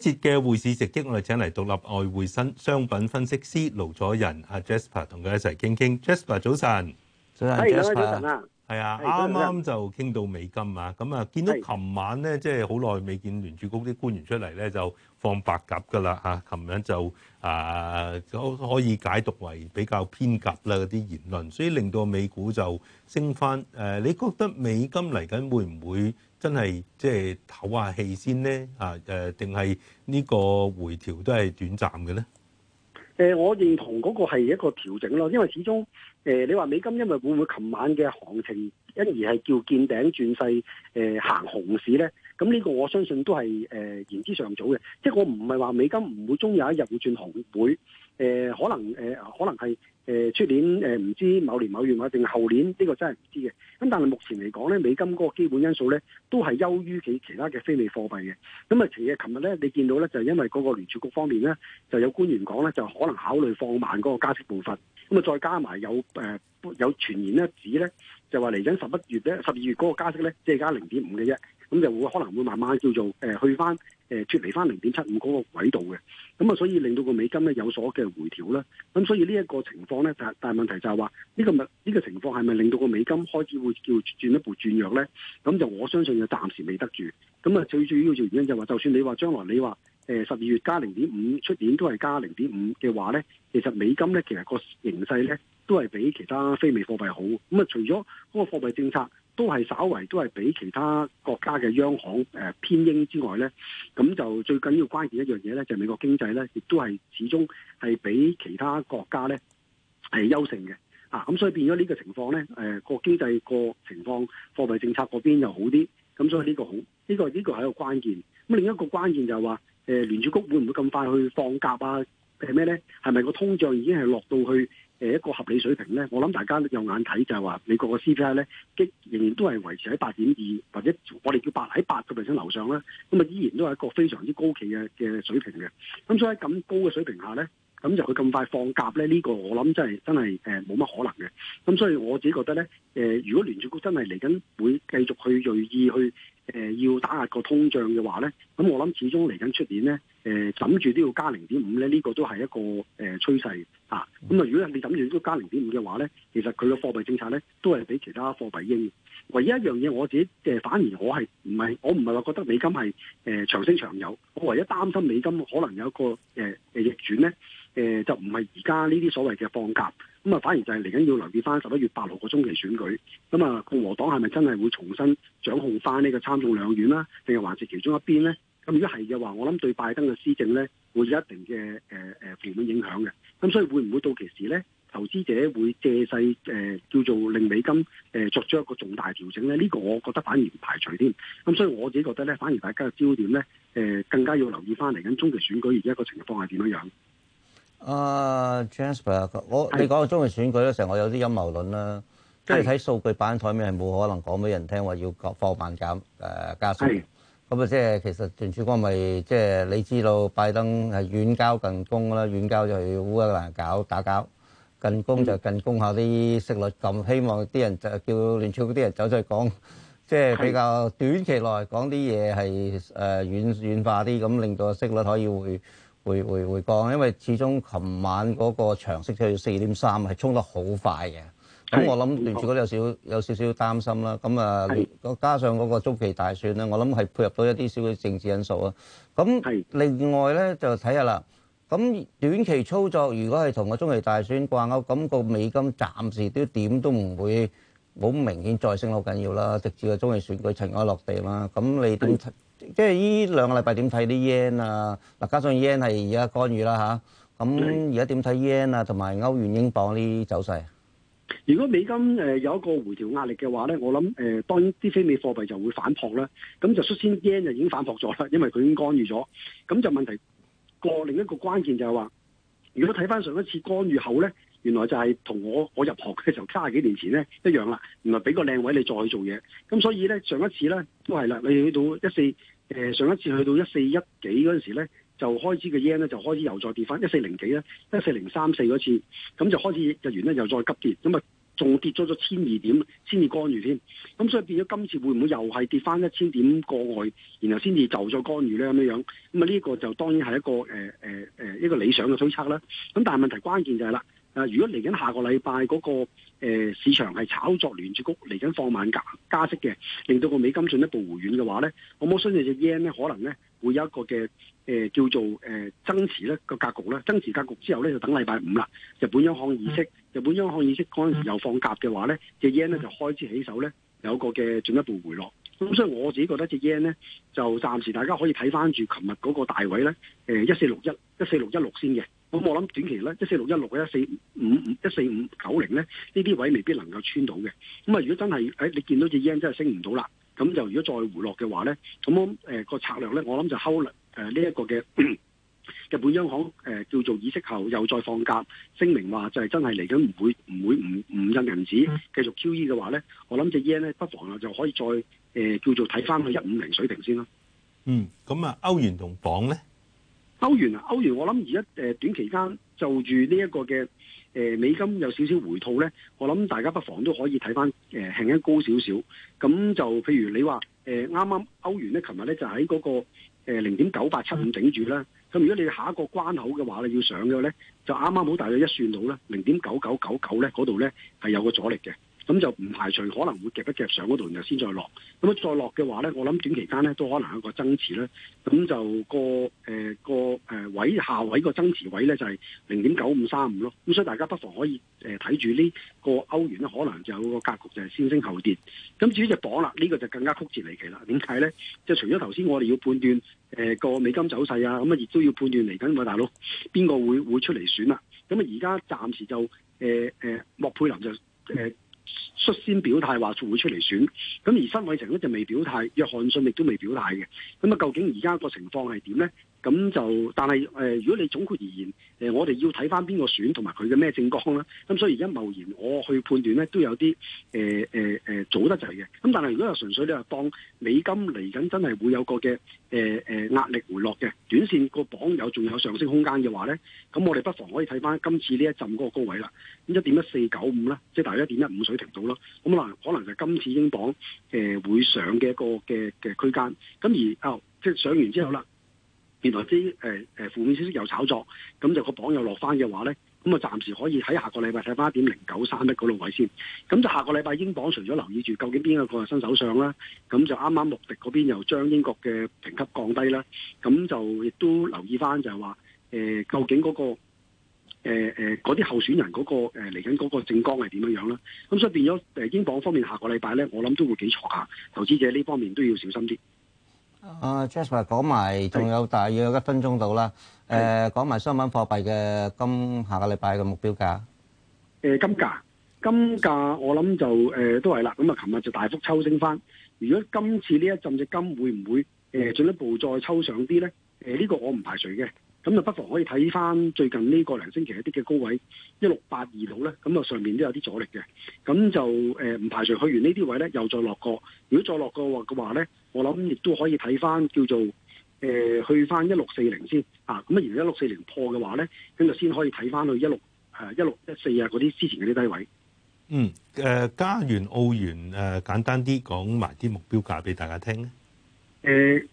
今節嘅匯市直擊，我哋請嚟獨立外匯新商品分析師盧楚仁阿 Jasper 同佢一齊傾傾。Jasper 早晨，早晨 Jasper 啦，係啊，啱啱就傾到美金啊，咁啊，見到琴晚咧，即係好耐未見聯儲局啲官員出嚟咧，就放白鴿噶啦吓，琴日就啊可可以解讀為比較偏鴿啦嗰啲言論，所以令到美股就升翻。誒，你覺得美金嚟緊會唔會？真係即係唞下氣先呢？啊誒，定係呢個回調都係短暫嘅呢？誒、呃，我認同嗰個係一個調整咯，因為始終誒、呃、你話美金，因為會唔會琴晚嘅行情，因而係叫見頂轉勢誒、呃、行熊市呢？咁呢個我相信都係誒、呃、言之尚早嘅，即係我唔係話美金唔會終有一日會轉熊，會誒、呃、可能誒、呃、可能係。誒出、呃、年誒唔、呃、知某年某月啊，定係後年呢、呢個真係唔知嘅。咁但係目前嚟講咧，美金嗰個基本因素咧，都係優於其他其他嘅非美貨幣嘅。咁啊，其實琴日咧，你見到咧，就因為嗰個聯儲局方面咧，就有官員講咧，就可能考慮放慢嗰個加息步伐。咁啊，再加埋有誒、呃、有傳言咧指咧，就話嚟緊十一月咧十二月嗰個加息咧，即係加零點五嘅啫。咁就會可能會慢慢叫做誒、呃、去翻。誒脫離翻零點七五嗰個軌道嘅，咁啊，所以令到個美金咧有所嘅回調啦。咁所以呢一個情況咧，但但問題就係話呢個物呢、呢個情況係咪令到個美金開始會叫進一步轉弱咧？咁就我相信就暫時未得住。咁啊，最主要嘅原因就係、是、話，就算你話將來你話誒十二月加零點五，出年都係加零點五嘅話咧，其實美金咧其實個形勢咧都係比其他非美貨幣好。咁啊，除咗嗰個貨幣政策。都係稍為都係比其他國家嘅央行，誒偏鷹之外咧，咁就最緊要關鍵一樣嘢咧，就係美國經濟咧，亦都係始終係比其他國家咧係優勝嘅啊！咁所以變咗呢個情況咧，誒、呃，個經濟個情況、貨幣政策嗰邊又好啲，咁所以呢個好，呢個呢個係一個關鍵。咁另一個關鍵就係話，誒、呃，聯儲局會唔會咁快去放鴿啊？係咩咧？係咪個通脹已經係落到去？誒一個合理水平咧，我諗大家有眼睇就係話美國個 CPI 咧，仍然都係維持喺八點二或者我哋叫八喺八個 percent 樓上啦，咁啊依然都係一個非常之高企嘅嘅水平嘅。咁所以喺咁高嘅水平下咧，咁就佢咁快放鴿咧，呢個我諗真係真係冇乜可能嘅。咁所以我自己覺得咧、呃，如果聯儲局真係嚟緊會繼續去銳意去。誒要打壓個通脹嘅話咧，咁我諗始終嚟緊出年咧，誒、呃、枕住都要加零點五咧，呢、這個都係一個誒趨勢啊。咁啊，如果你枕住都加零點五嘅話咧，其實佢嘅貨幣政策咧都係比其他貨幣硬。唯一一樣嘢，我自己、呃、反而我係唔係我唔係話覺得美金係誒長升長有，我唯一擔心美金可能有一個誒、呃、逆轉咧、呃，就唔係而家呢啲所謂嘅放鴿。咁啊，反而就係嚟緊要留意翻十一月八號個中期選舉。咁啊，共和黨係咪真係會重新掌控翻呢個參眾兩院啦？定係還是其中一邊呢？咁如果係嘅話，我諗對拜登嘅施政呢會有一定嘅誒誒負面影響嘅。咁所以會唔會到其時呢，投資者會借勢誒叫做令美金誒作出一個重大調整呢？呢、呢個我覺得反而唔排除添。咁所以我自己覺得呢，反而大家嘅焦點呢，誒、呃、更加要留意翻嚟緊中期選舉而家個情況係點樣樣。啊、uh，Jasper，我你講我中意選舉咧，成日我有啲陰謀論啦，即係睇數據擺喺台面係冇可能講俾人聽話要貨幣減誒加息，咁啊即係其實聯儲局咪即係你知道拜登係遠交近攻啦，遠交就去烏克蘭搞打搞，近攻就近攻下啲息率，咁、嗯、希望啲人就叫聯儲啲人走去講，即、就、係、是、比較短期內講啲嘢係誒軟軟化啲，咁令到息率可以會。會會會降，因為始終琴晚嗰個長息去到四點三，係衝得好快嘅。咁我諗聯儲嗰啲有少有少少擔心啦。咁啊，加上嗰個中期大選咧，我諗係配合到一啲少少政治因素啊。咁另外咧就睇下啦。咁短期操作如果係同個中期大選掛鈎，咁個美金暫時都點都唔會冇咁明顯再升好緊要啦，直至個中期選舉塵埃落地啦。咁你點？即係依兩個禮拜點睇啲 yen 啊？嗱，加上 yen 係而家干預啦嚇。咁而家點睇 yen 啊？同埋歐元、英鎊啲走勢？如果美金誒有一個回調壓力嘅話咧，我諗誒當然啲非美貨幣就會反撲啦。咁就率先 yen 就已經反撲咗啦，因為佢已經干預咗。咁就問題過另一個關鍵就係話，如果睇翻上一次干預後咧。原來就係同我我入學嘅時候三十幾年前咧一樣啦。原來俾個靚位你再去做嘢，咁所以咧上一次咧都係啦。你去到一四、呃、上一次去到一四一幾嗰陣時咧，就開始個 yen 咧就開始又再跌翻一四零幾啦，一四零三四嗰次，咁就開始日元咧又再急跌，咁啊仲跌咗咗千二點先至干預添。咁所以變咗今次會唔會又係跌翻一千點過外，然後先至就再干預咧咁樣樣？咁啊呢個就當然係一個、呃呃、一個理想嘅推測啦。咁但係問題關鍵就係啦。如果嚟緊下，下個禮拜嗰個誒、呃、市場係炒作聯儲局嚟緊放慢加加息嘅，令到個美金進一步回軟嘅話咧，我冇相信隻 yen 咧可能咧會有一個嘅誒、呃、叫做誒、呃、增持咧，個格局咧，增持格局之後咧就等禮拜五啦，日本央行議息，日、嗯、本央行議息嗰陣時又放鴿嘅話咧，隻 yen 咧就開始起手咧有一個嘅進一步回落。咁所以我自己覺得隻 yen 咧就暫時大家可以睇翻住琴日嗰個大位咧誒一四六一一四六一六先嘅。咁我諗短期咧一四六一六一四五五一四五九零咧呢啲位未必能夠穿到嘅，咁啊如果真係、哎、你見到隻 yen 真係升唔到啦，咁就如果再回落嘅話咧，咁我誒個策略咧，我諗就 hold 誒呢一個嘅日本央行誒、呃、叫做以息議息後又再放鴿，聲明話就係真係嚟緊唔會唔會唔唔印銀紙繼續 QE 嘅話咧，我諗隻 yen 咧不妨呢就可以再、呃、叫做睇翻去一五零水平先咯。嗯，咁啊歐元同鎊咧？歐元啊，歐元，我諗而家短期間就住呢一個嘅、呃、美金有少少回吐咧，我諗大家不妨都可以睇翻誒輕輕高少少。咁就譬如你話誒啱啱歐元咧，琴日咧就喺嗰個零點九八七五頂住啦。咁如果你下一個關口嘅話咧，要上嘅咧，就啱啱好大約一算到啦，零點九九九九咧嗰度咧係有個阻力嘅。咁就唔排除可能會夾一夾上嗰度，然後先再落。咁再落嘅話咧，我諗短期間咧都可能有個增持咧。咁就個、呃、個位下位個增持位咧就係零點九五三五咯。咁所以大家不妨可以睇住呢個歐元咧，可能就有個格局就係先升後跌。咁至於隻綁啦，呢、呢個就更加曲折離奇啦。點解咧？即係除咗頭先我哋要判斷個、呃、美金走勢啊，咁啊亦都要判斷嚟緊個大佬邊個會會出嚟選啦、啊。咁啊而家暫時就誒誒、呃呃、莫佩林就、呃率先表態話會出嚟選，咁而辛偉誠咧就未表態，約翰遜亦都未表態嘅，咁啊究竟而家個情況係點咧？咁就，但係，誒、呃，如果你總括而言，誒、呃，我哋要睇翻邊個選同埋佢嘅咩政綱呢？咁、嗯、所以而家貿然我去判斷咧，都有啲，誒、呃，誒、呃，誒，早得滯嘅。咁但係，如果係純粹你話，當美金嚟緊真係會有個嘅，誒、呃，誒、呃，壓力回落嘅，短線個榜有仲有上升空間嘅話咧，咁我哋不妨可以睇翻今次呢一陣嗰個高位啦，咁一點一四九五啦，即係大約一點一五水平到啦。咁可能就係今次英鎊誒、呃、會上嘅一個嘅嘅區間。咁而啊，即、哦就是、上完之後啦。原來啲誒誒負面消息又炒作，咁就個鎊又落翻嘅話咧，咁啊暫時可以喺下個禮拜睇翻一點零九三一嗰度位先。咁就下個禮拜英鎊除咗留意住究竟邊一個新首相啦，咁就啱啱穆迪嗰邊又將英國嘅評級降低啦，咁就亦都留意翻就係話誒，究竟嗰個誒嗰啲候選人嗰個嚟緊嗰個政綱係點樣樣啦。咁所以變咗誒英鎊方面下個禮拜咧，我諗都會幾錯下，投資者呢方面都要小心啲。啊，Jasper 講埋，仲、uh, 有大約一分鐘到啦。誒對，講埋、uh, 商品貨幣嘅今下個禮拜嘅目標價。誒、呃，金價，金價我諗就誒、呃、都係啦。咁啊，琴日就大幅抽升翻。如果今次呢一浸隻金會唔會誒進、呃、一步再抽上啲咧？誒、呃，呢、這個我唔排除嘅。咁就不妨可以睇翻最近呢個零星期一啲嘅高位一六八二度咧，咁啊上面都有啲阻力嘅。咁就誒唔、呃、排除去完置呢啲位咧，又再落過。如果再落過嘅話咧，我諗亦都可以睇翻叫做誒、呃、去翻一六四零先啊。咁啊，如一六四零破嘅話咧，咁就先可以睇翻去一六誒一六一四啊嗰啲之前嗰啲低位。嗯，誒加元、澳元誒、呃、簡單啲講埋啲目標價俾大家聽。誒、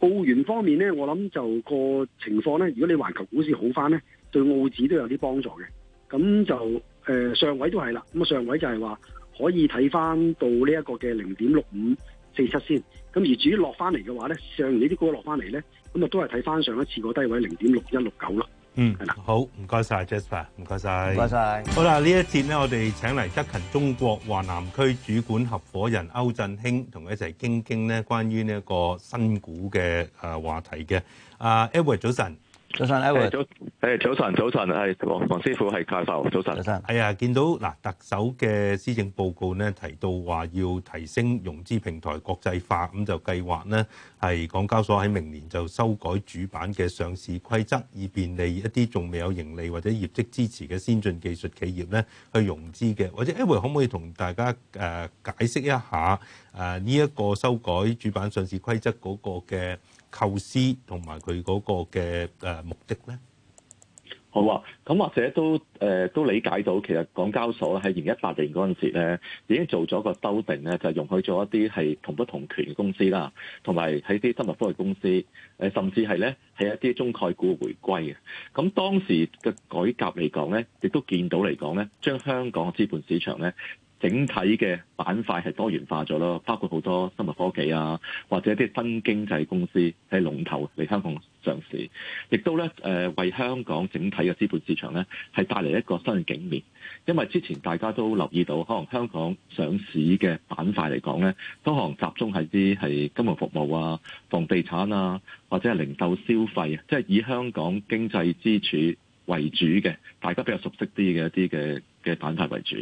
呃，澳元方面咧，我諗就個情況咧，如果你環球股市好翻咧，對澳紙都有啲幫助嘅。咁就誒、呃、上位都係啦，咁啊上位就係話可以睇翻到呢一個嘅零點六五四七先。咁而至於落翻嚟嘅話咧，上完呢啲高落翻嚟咧，咁啊都係睇翻上一次個低位零點六一六九咯。嗯，好，唔該曬，Jasper，唔該曬，唔該曬。好啦，呢一節咧，我哋請嚟德勤中國華南區主管合夥人歐振興，同佢一齊傾傾咧，關於呢一個新股嘅誒話題嘅。阿 Edward 早晨。早晨 Edward 早。誒、欸，早晨，早晨，係黃黃師傅，係教授，早晨。早晨上。係啊，見到嗱，特首嘅施政報告咧，提到話要提升融資平台國際化，咁就計劃呢，係港交所喺明年就修改主板嘅上市規則，以便利一啲仲未有盈利或者業績支持嘅先進技術企業咧去融資嘅。或者 Edward，欸，可唔可以同大家誒解釋一下誒呢一個修改主板上市規則嗰個嘅？構思同埋佢嗰個嘅誒目的咧，好啊！咁或者都誒、呃、都理解到，其實港交所喺二零一八年嗰陣時咧，已經做咗個修訂咧，就係、容許咗一啲係同不同權嘅公司啦，同埋喺啲生物科技公司，誒、呃、甚至係咧係一啲中概股回歸嘅。咁當時嘅改革嚟講咧，亦都見到嚟講咧，將香港資本市場咧。整體嘅板塊係多元化咗咯，包括好多生物科技啊，或者一啲新經濟公司喺龍頭嚟香港上市，亦都咧誒、呃、為香港整體嘅資本市場咧係帶嚟一個新嘅景面。因為之前大家都留意到，可能香港上市嘅板塊嚟講咧，都可能集中係啲係金融服務啊、房地產啊，或者係零售消費，即係以香港經濟支柱為主嘅，大家比較熟悉啲嘅一啲嘅。嘅板塊為主，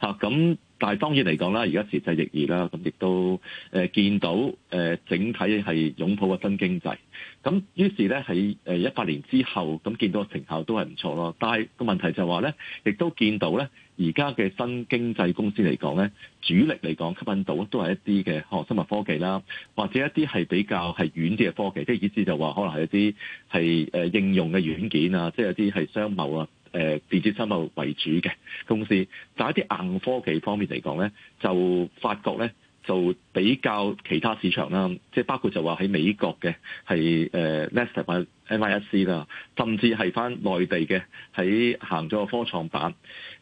咁、啊，但係當然嚟講啦，而家時勢逆而啦，咁亦都誒見到誒整體係擁抱個新經濟，咁於是咧喺誒一八年之後，咁見到成效都係唔錯咯。但係個問題就話咧，亦都見到咧，而家嘅新經濟公司嚟講咧，主力嚟講吸引到都係一啲嘅學生物科技啦，或者一啲係比較係軟啲嘅科技，即係意思就話可能係一啲係誒應用嘅軟件啊，即係有啲係商貿啊。誒、呃、電子生物為主嘅公司，但係啲硬科技方面嚟講咧，就發覺咧就比較其他市場啦，即係包括就話喺美國嘅係、呃、Nasdaq 或者 NYSE 啦，甚至係翻內地嘅喺行咗個科創板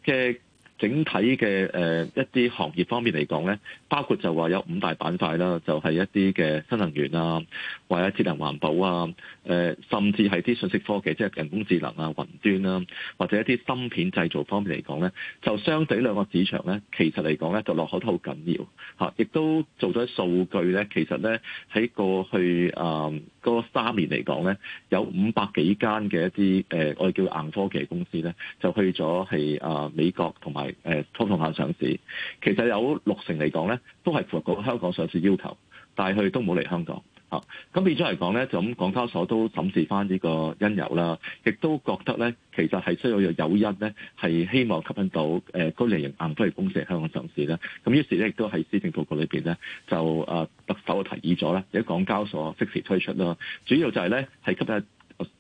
嘅整體嘅、呃、一啲行業方面嚟講咧，包括就話有五大板塊啦，就係、是、一啲嘅新能源啦。或者智能環保啊，呃、甚至係啲信息科技，即係人工智能啊、雲端啦、啊，或者一啲芯片製造方面嚟講咧，就相對兩個市場咧，其實嚟講咧，就落口得好緊要嚇。亦、啊、都做咗數據咧，其實咧喺過去啊、呃嗰、三年嚟講咧，有五百幾間嘅一啲誒、呃，我哋叫硬科技公司咧，就去咗係、呃、美國同埋誒托同下上市。其實有六成嚟講咧，都係符合香港上市要求，但係佢都冇嚟香港。啊！咁變咗嚟講咧，就咁港交所都審視翻呢個因由啦，亦都覺得咧，其實係需要有一咧，係希望吸引到誒、呃、高利潤硬科技公司嚟香港上市啦，咁於是咧，亦都喺施政報告裏面咧，就誒、呃、特首提議咗啦，而家港交所即時推出啦，主要就係咧係吸引誒、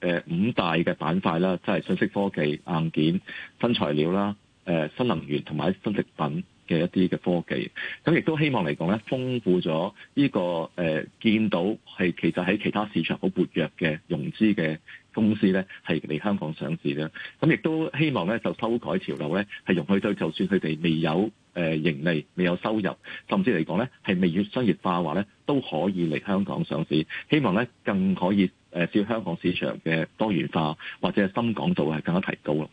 呃呃、五大嘅板塊啦，即、就、係、是、信息科技、硬件、新材料啦、呃、新能源同埋新食品。嘅一啲嘅科技，咁亦都希望嚟講咧，豐富咗呢、這個誒、呃，見到係其實喺其他市場好活躍嘅融資嘅公司咧，係嚟香港上市嘅。咁亦都希望咧，就修改條例咧，係容許到就算佢哋未有誒盈利、未有收入，甚至嚟講咧係未有商業化嘅話咧，都可以嚟香港上市。希望咧，更可以誒，使香港市場嘅多元化或者深港度係更加提高咯。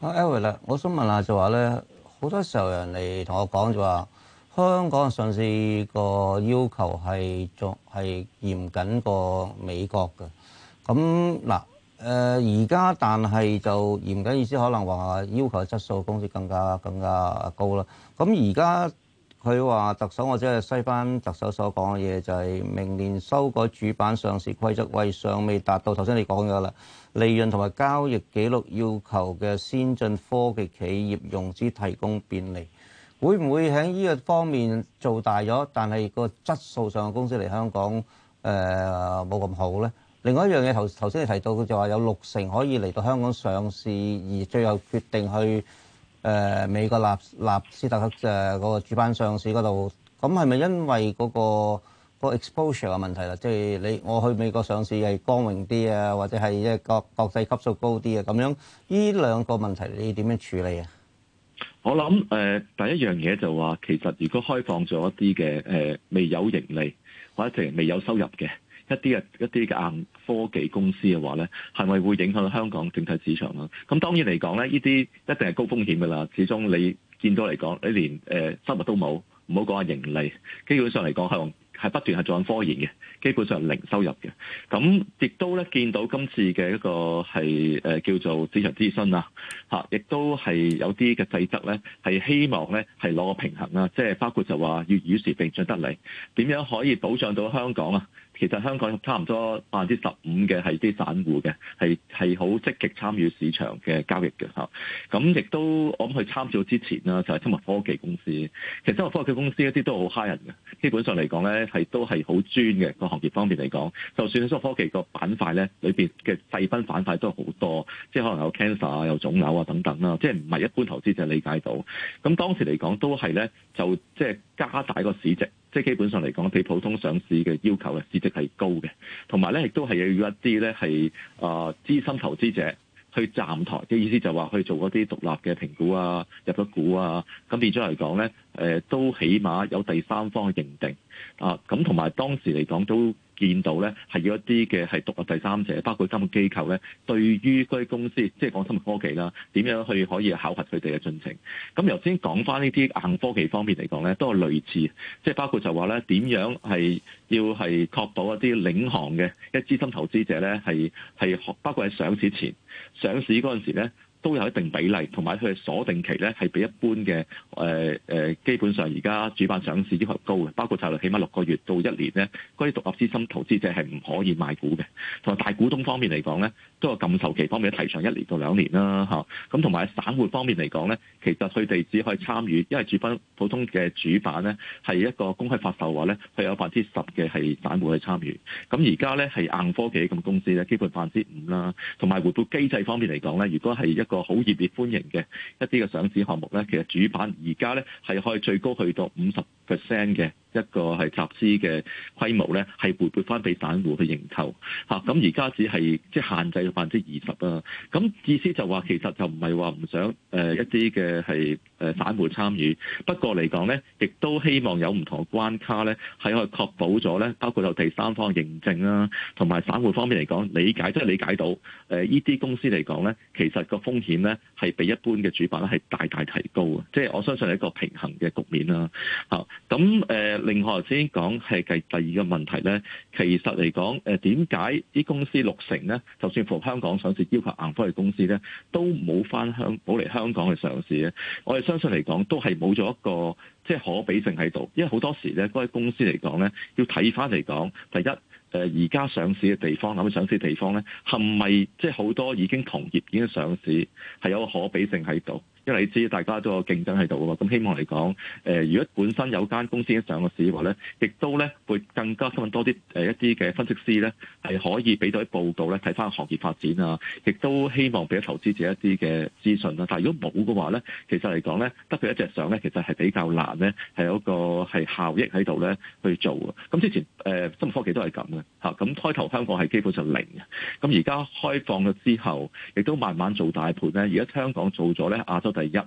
阿 Elly 啦，我想問下就話咧。好多時候人嚟同我講就話，香港上市個要求係仲係嚴謹過美國嘅。咁嗱，誒而家但係就嚴謹意思，可能話要求質素公司更加更加高啦。咁而家。佢話特首，我只係班特首所講嘅嘢，就係明年修改主板上市規則，為尚未達到頭先你講嘅啦，利潤同埋交易記錄要求嘅先進科技企業融資提供便利。會唔會喺呢個方面做大咗？但係個質素上嘅公司嚟香港誒冇咁好呢？另外一樣嘢，頭頭先你提到佢就話有六成可以嚟到香港上市，而最後決定去。誒、呃、美國立納，納斯達克誒個主板上市嗰度，咁係咪因為嗰、那個 exposure 嘅問題啦？即、就、係、是、你我去美國上市係光榮啲啊，或者係即係國國際級數高啲啊？咁樣呢兩個問題你點樣處理啊？我諗誒、呃，第一樣嘢就話其實如果開放咗一啲嘅誒未有盈利或者係未有收入嘅。一啲嘅一啲嘅硬科技公司嘅話咧，係咪會影響到香港整體市場啊？咁當然嚟講咧，呢啲一定係高風險嘅啦。始終你見到嚟講，你連誒、呃、收入都冇，唔好講係盈利。基本上嚟講係係不斷係做緊科研嘅，基本上零收入嘅。咁亦都咧見到今次嘅一個係、呃、叫做市場諮詢啦，亦、啊、都係有啲嘅細則咧，係希望咧係攞個平衡啦，即係包括就話要與時並進得嚟，點樣可以保障到香港啊？其實香港差唔多百分之十五嘅係啲散戶嘅，係係好積極參與市場嘅交易嘅吓。咁亦都我諗去參照之前啦，就係生物科技公司。其實生物科技公司一啲都好蝦人嘅，基本上嚟講咧係都係好專嘅個行業方面嚟講。就算生物科技個板塊咧，裏面嘅細分板塊都好多，即係可能有 cancer 啊、有腫瘤啊等等啦。即係唔係一般投資者理解到。咁當時嚟講都係咧，就即係加大個市值。即基本上嚟講，比普通上市嘅要求嘅市值係高嘅，同埋咧亦都係要一啲咧係啊資深投資者去站台，嘅意思就話去做嗰啲獨立嘅評估啊、入咗股啊，咁變咗嚟講咧，誒都起碼有第三方嘅認定啊，咁同埋當時嚟講都，見到咧係有一啲嘅係獨立第三者，包括金融機構咧，對於嗰啲公司，即係講生物科技啦，點樣去可以考核佢哋嘅進程。咁頭先講翻呢啲硬科技方面嚟講咧，都係類似，即係包括就話咧點樣係要係確保一啲領航嘅一資深投資者咧，係係包括喺上市前、上市嗰陣時咧。都有一定比例，同埋佢嘅鎖定期咧係比一般嘅誒誒基本上而家主板上市要求高嘅，包括就係起碼六個月到一年咧，嗰啲獨立資深投資者係唔可以賣股嘅。同埋大股東方面嚟講咧，都有禁售期方面提長一年到兩年啦，吓咁同埋散戶方面嚟講咧，其實佢哋只可以參與，因為主板普通嘅主板咧係一個公開發售嘅話咧，佢有百分之十嘅係散戶去參與。咁而家咧係硬科技咁公司咧，基本百分之五啦。同埋回報機制方面嚟講咧，如果係一個好熱烈歡迎嘅一啲嘅上市項目咧，其實主板而家咧係可以最高去到五十 percent 嘅。一個係集資嘅規模咧，係回撥翻俾散戶去認購吓，咁而家只係即係限制咗百分之二十啦。咁、啊、意思就話其實就唔係話唔想、呃、一啲嘅係散戶參與，不過嚟講咧，亦都希望有唔同嘅關卡咧，喺可以確保咗咧，包括有第三方認證啦、啊，同埋散戶方面嚟講理解，即、就、係、是、理解到呢啲、呃、公司嚟講咧，其實個風險咧係比一般嘅主板咧係大大提高嘅。即、就、係、是、我相信係一個平衡嘅局面啦、啊。咁、啊、誒。另外頭先講係第第二個問題咧，其實嚟講，誒，點解啲公司六成咧，就算符合香港上市要求硬科技公司咧，都冇翻香冇嚟香港去上市咧？我哋相信嚟講，都係冇咗一個即係、就是、可比性喺度，因為好多時咧，嗰啲公司嚟講咧，要睇翻嚟講，第一，誒而家上市嘅地方，咁上市嘅地方咧，係咪即係好多已經同業已經上市，係有個可比性喺度？因為你知道大家都有競爭喺度嘅嘛，咁希望嚟講，誒、呃，如果本身有間公司上嘅市嘅話咧，亦都咧會更加吸引多啲一啲嘅、呃、分析師咧，係可以俾到啲報告咧睇翻行業發展啊，亦都希望俾投資者一啲嘅資訊啦、啊。但如果冇嘅話咧，其實嚟講咧，得佢一隻上咧，其實係比較難咧，係有一個係效益喺度咧去做嘅。咁之前誒生物科技都係咁嘅，咁開頭香港係基本上零嘅，咁而家開放咗之後，亦都慢慢做大盤咧。而家香港做咗咧亞洲。第一，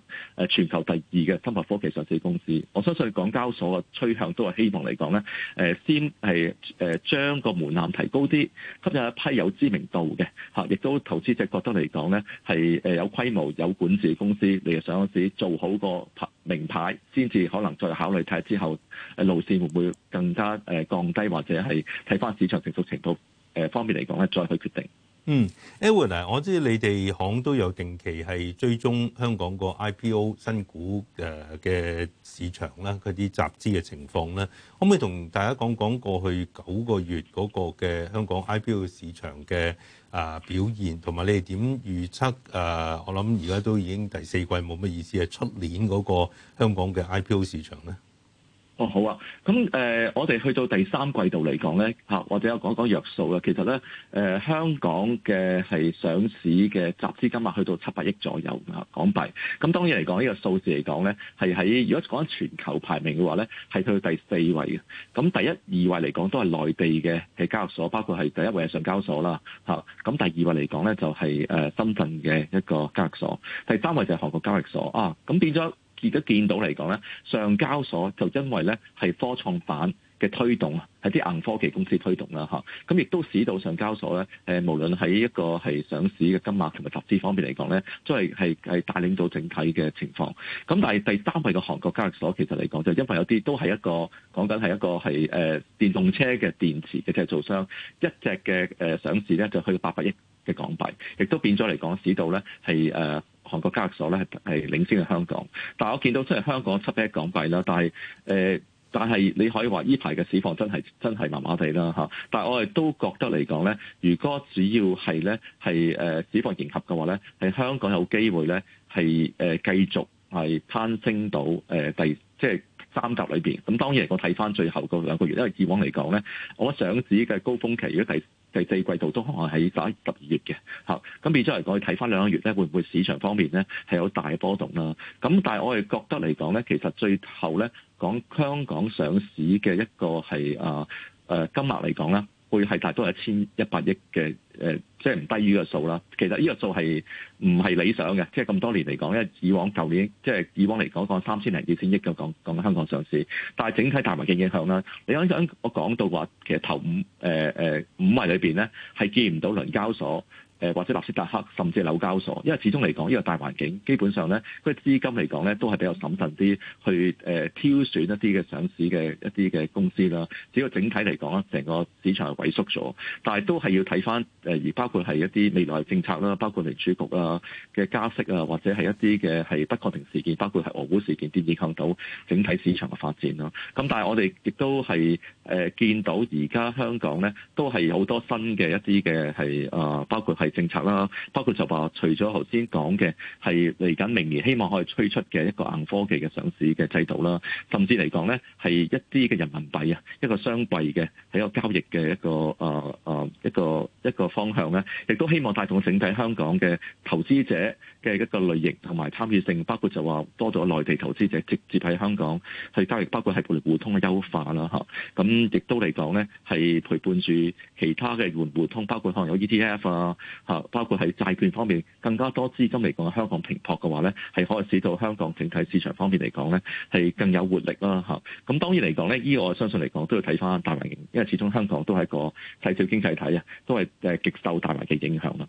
全球第二嘅生物科技上市公司，我相信港交所嘅趨向都係希望嚟講咧，先係誒將個門檻提高啲，吸引一批有知名度嘅嚇，亦都投資者覺得嚟講咧係有規模、有管治公司，你嘅上市做好個名牌，先至可能再考慮睇下之後路線會唔會更加降低，或者係睇翻市場成熟程度方面嚟講咧，再去決定。嗯 Edward 啊，我知你哋行都有定期係追蹤香港個 IPO 新股誒嘅市場啦，嗰啲集資嘅情況咧，可唔可以同大家講講過去九個月嗰個嘅香港 IPO 市場嘅啊、呃、表現，同埋你哋點預測？誒、呃，我諗而家都已經第四季冇乜意思，係出年嗰個香港嘅 IPO 市場咧。哦，好啊，咁誒、呃，我哋去到第三季度嚟講咧，嚇、啊，或者我有講一講約數啦。其實咧，誒、呃，香港嘅係上市嘅集資金額、啊、去到七百億左右啊港幣。咁當然嚟講，呢、這個數字嚟講咧，係喺如果講緊全球排名嘅話咧，係去到第四位嘅。咁第一、二位嚟講都係內地嘅係交易所，包括係第一位係上交所啦，咁、啊、第二位嚟講咧就係誒深圳嘅一個交易所，第三位就係韓國交易所啊。咁變咗。而家見到嚟講咧，上交所就因為咧係科創板嘅推動，係啲硬科技公司推動啦，嚇。咁亦都使到上交所咧，誒無論喺一個係上市嘅金額同埋集資方面嚟講咧，都係係係帶領到整體嘅情況。咁但係第三位嘅韓國交易所其實嚟講，就因為有啲都係一個講緊係一個係誒電動車嘅電池嘅製造商，一隻嘅誒上市咧就去到八百億嘅港幣，亦都變咗嚟講使到咧係誒。韓國交易所咧係係領先嘅香港，但係我見到真係香港七百一港幣啦，但係誒、呃，但係你可以話呢排嘅市況真係真係麻麻地啦嚇，但係我哋都覺得嚟講咧，如果只要係咧係誒市況迎合嘅話咧，喺香港有機會咧係誒繼續係攀升到誒、呃、第即係。就是三集裏邊，咁當然我睇翻最後嗰兩個月，因為以往嚟講咧，我上市嘅高峰期，如果第第四季度都可能喺十一、十二月嘅，吓。咁變咗嚟講，睇翻兩個月咧，會唔會市場方面咧係有大波動啦？咁但係我哋覺得嚟講咧，其實最後咧講香港上市嘅一個係啊誒金額嚟講咧。會係大多係一千一百億嘅，誒、呃，即係唔低於個數啦。其實呢個數係唔係理想嘅，即係咁多年嚟講，因以往舊年，即、就、係、是、以往嚟講，講三千零幾千億咁講，講喺香港上市。但係整體大環境影響啦，你想想我講到話，其實頭五誒誒、呃、五位裏邊咧，係見唔到輪交所，誒或者納斯達克甚至紐交所，因為始終嚟講呢個大環境基本上咧，佢資金嚟講咧都係比較審慎啲去、呃、挑選一啲嘅上市嘅一啲嘅公司啦。只要整體嚟講咧，成個市場係萎縮咗，但係都係要睇翻誒，而、呃、包括係一啲未來政策啦，包括聯儲局啦、啊、嘅加息啊，或者係一啲嘅係不確定事件，包括係俄烏事件，點影響到整體市場嘅發展啦。咁但係我哋亦都係誒見到而家香港咧都係好多新嘅一啲嘅係啊，包括係。政策啦，包括就話除咗頭先講嘅係嚟緊明年希望可以推出嘅一個硬科技嘅上市嘅制度啦，甚至嚟講呢係一啲嘅人民幣，幣啊，啊，一個雙幣嘅喺個交易嘅一個啊啊一個一個方向呢，亦都希望帶動整體香港嘅投資者嘅一個類型同埋參與性，包括就話多咗內地投資者直接喺香港去交易，包括係互聯互通嘅優化啦嚇。咁亦都嚟講呢係陪伴住其他嘅互聯互通，包括可能有 ETF 啊。嚇，包括喺債券方面更加多資金嚟講，香港平托嘅話咧，係可以使到香港整體市場方面嚟講咧，係更有活力啦嚇。咁當然嚟講咧，依、依個我相信嚟講都要睇返大環境，因為始終香港都係個細小經濟體啊，都係誒極受大環境影響啦。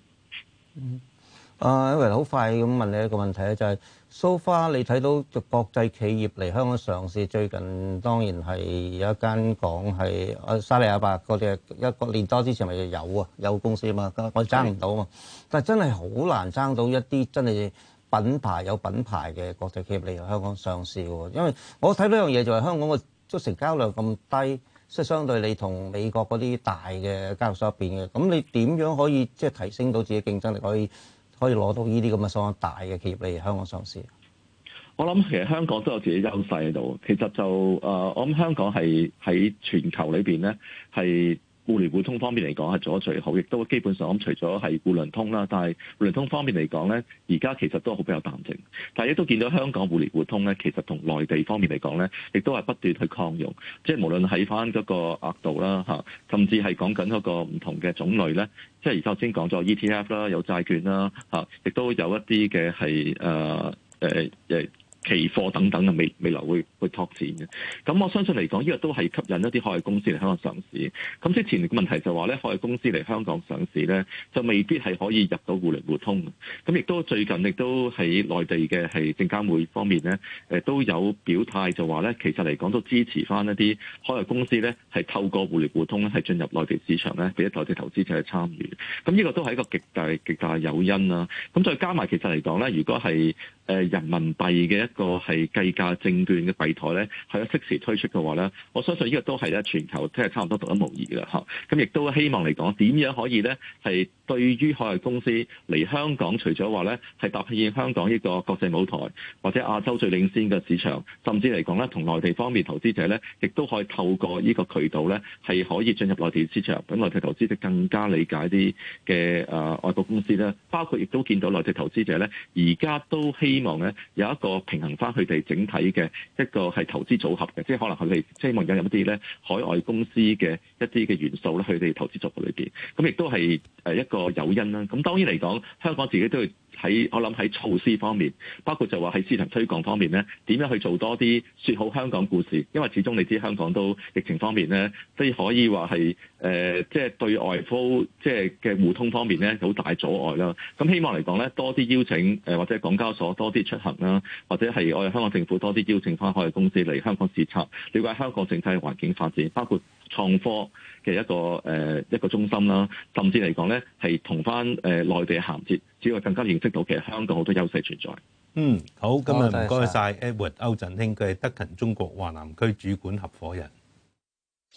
啊，因為好快咁問你一個問題咧，就係 so far，你睇到嘅國際企業嚟香港上市最近當然係有一間講係啊沙利亞伯嗰隻一個年多之前咪有啊有公司啊嘛，嗯、我爭唔到啊嘛，但係真係好難爭到一啲真係品牌有品牌嘅國際企業嚟香港上市，因為我睇到一樣嘢就係香港嘅即成交量咁低，即係相對你同美國嗰啲大嘅交易所入邊嘅，咁你點樣可以即係、就是、提升到自己競爭力可以？可以攞到呢啲咁嘅相當大嘅企業嚟香港上市，我諗其實香港都有自己優勢喺度。其實就誒，我諗香港係喺全球裏邊咧係，互聯互通方面嚟講係做得最好，亦都基本上咁，除咗係互聯通啦，但係互聯通方面嚟講咧，而家其實都好比較淡定。但係亦都見到香港互聯互通咧，其實同內地方面嚟講咧，亦都係不斷去擴容，即係無論喺翻嗰個額度啦嚇，甚至係講緊嗰個唔同嘅種類咧，即係而頭先講咗 ETF 啦，有債券啦嚇，亦都有一啲嘅係誒誒誒。呃呃呃期貨等等嘅未未來會會拓展嘅，咁我相信嚟講，呢、呢個都係吸引一啲海外公司嚟香港上市。咁之前嘅問題就話呢，海外公司嚟香港上市呢，就未必係可以入到互聯互通。咁亦都最近亦都喺內地嘅係證監會方面呢，呃、都有表態就話呢，其實嚟講都支持翻一啲海外公司呢，係透過互聯互通呢，係進入內地市場呢，俾一內地投資者去參與。咁呢個都係一個極大極大嘅誘因啦、啊。咁再加埋其實嚟講呢，如果係人民幣嘅一個係計價證券嘅櫃台咧，喺適時推出嘅話咧，我相信呢個都係咧全球都係差唔多獨一無二嘅啦，吓咁亦都希望嚟講，點樣可以咧係？嗯嗯嗯對於海外公司嚟香港，除咗話呢係搭建香港呢個國際舞台，或者亞洲最領先嘅市場，甚至嚟講呢，同內地方面投資者呢，亦都可以透過呢個渠道呢，係可以進入內地市場，咁內地投資者更加理解啲嘅誒外國公司呢，包括亦都見到內地投資者呢，而家都希望呢有一個平衡翻佢哋整體嘅一個係投資組合嘅，即係可能佢哋希望引入一啲呢海外公司嘅一啲嘅元素咧，佢哋投資組合裏面。咁亦都係一個誘因啦，咁當然嚟講，香港自己都會喺我諗喺措施方面，包括就話喺市場推廣方面咧，點樣去做多啲説好香港故事？因為始終你知香港都疫情方面咧，都可以話係誒，即、呃、係、就是、對外僕即係嘅互通方面咧，好大阻礙啦。咁、嗯、希望嚟講咧，多啲邀請、呃、或者港交所多啲出行啦，或者係我哋香港政府多啲邀請翻海外嘅公司嚟香港視察，了解香港整體環境發展，包括創科嘅一個誒、呃、一個中心啦，甚至嚟講咧係同翻誒內地嘅銜接。使我更加認識到，其實香港好多優勢存在。嗯，好，今日唔該晒。Edward 歐振興，佢係德勤中國華南區主管合伙人。